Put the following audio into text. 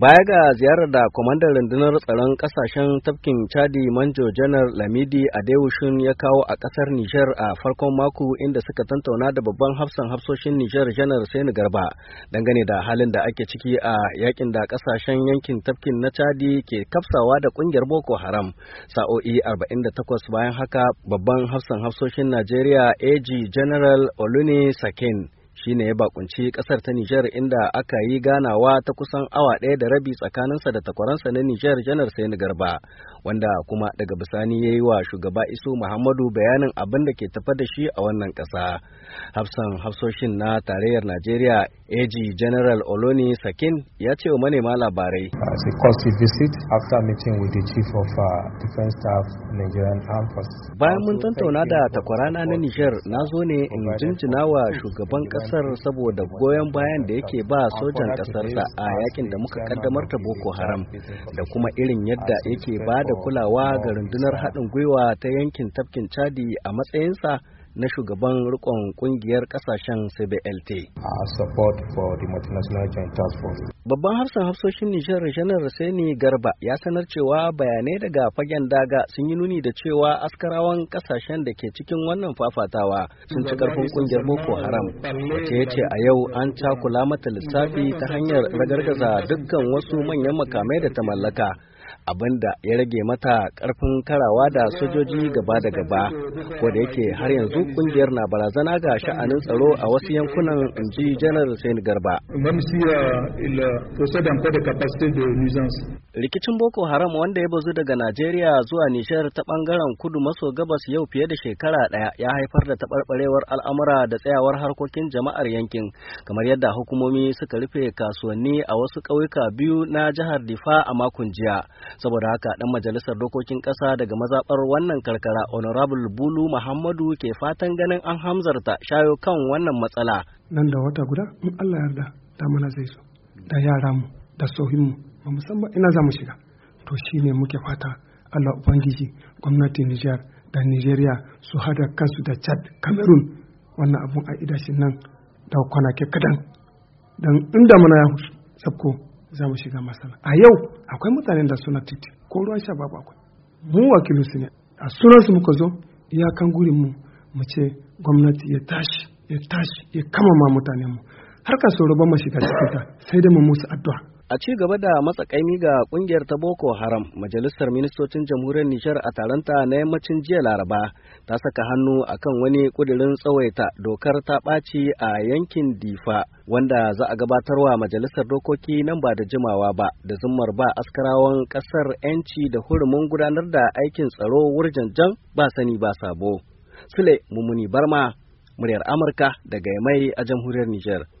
Baya ga ziyarar da kwamandan rundunar tsaron kasashen tafkin Chadi Manjo Janar Lamidi Adewushin ya kawo a kasar Nijar a farkon mako inda suka tantauna da babban hafsan hafsoshin Nijar Janar Sani Garba dangane da halin da ake ciki a yakin da kasashen yankin tafkin na Chadi ke kafsawa da kungiyar Boko Haram. Sa'o'i 48 bayan haka babban hafsan hafsoshin Najeriya AG General Olune Sakin shine ya bakunci kasar ta Nijar inda aka yi ganawa ta kusan awa ɗaya da rabi tsakaninsa da takwaransa na Nijar janar Sani Garba wanda kuma daga bisani ya yi wa shugaba Isu Muhammadu bayanin abin da ke tafa da shi a wannan ƙasa. Hafsan hafsoshin na tarayyar Najeriya AG General Oloni Sakin ya ce wa manema labarai. As a cost visit after meeting with the chief of uh, defense staff Nigerian Armed Forces. Bayan mun tantauna da takwarana na niger na zo ne in jinjina wa shugaban kasar saboda goyon bayan da yake ba sojan kasarsa a yakin da muka kaddamar ta Boko Haram da kuma irin yadda yake ba da kulawa ga rundunar haɗin gwiwa ta yankin tafkin Chadi a matsayinsa na shugaban rikon kungiyar kasashen CBLT. Babban harsan hafsoshin Nijar Janar Saini Garba ya sanar cewa bayanai daga fagen daga sun yi nuni da cewa askarawan kasashen da ke cikin wannan fafatawa sun ci karfin kungiyar Boko Haram. Wace ya ce a yau an cakula mata lissafi ta hanyar ragargaza dukkan wasu manyan makamai da ta mallaka. abinda ya rage mata karfin karawa da sojoji gaba da gaba ko yake har yanzu kungiyar na barazana ga sha'anin tsaro a wasu yankunan inji janar sain Garba rikicin Boko Haram wanda ya bazu daga Najeriya zuwa nishar ta bangaren kudu maso gabas yau fiye da shekara daya ya haifar da taɓarɓarewar al'amura da tsayawar harkokin jama'ar yankin kamar yadda hukumomi suka rufe kasuwanni a wasu ƙauyuka biyu na jihar Difa a makon jiya saboda haka dan majalisar dokokin ƙasa daga mazaɓar wannan karkara honorable bulu muhammadu ke fatan ganin an hamzarta shayo kan wannan matsala nan da wata guda in allah yarda da mana zai so da yara mu da sohin mu ba musamman ina za mu shiga to shine muke fata allah ubangiji gwamnatin niger da nigeria su hada kansu da chad cameroon wannan abun a idashin nan da kwanake kadan dan inda mana ya sabko za mu shiga masana a yau akwai mutanen da suna titi ko ruwan sha babu akwai mu wakilu su ne a sunansu muka zo iyakan gurin mu mu ce gwamnati ya tashi ya tashi ya kama ma mutane mu har ka tsoro ba mu shiga cikin ta sai dai mu musu addu'a A ci gaba da matsakaimi ga kungiyar ta Boko Haram, Majalisar Ministocin Jamhuriyar Nijar a taronta na yammacin jiya Laraba ta saka hannu akan wani kudirin tsawaita dokar ta ɓaci a yankin Difa wanda za a gabatarwa Majalisar Dokoki nan ba da jimawa ba da zummar ba askarawan ƙasar 'yanci da hurumin gudanar da aikin tsaro wurjanjan ba sani ba sabo. Sule Mumuni Barma, muryar Amurka daga mai a Jamhuriyar Nijar.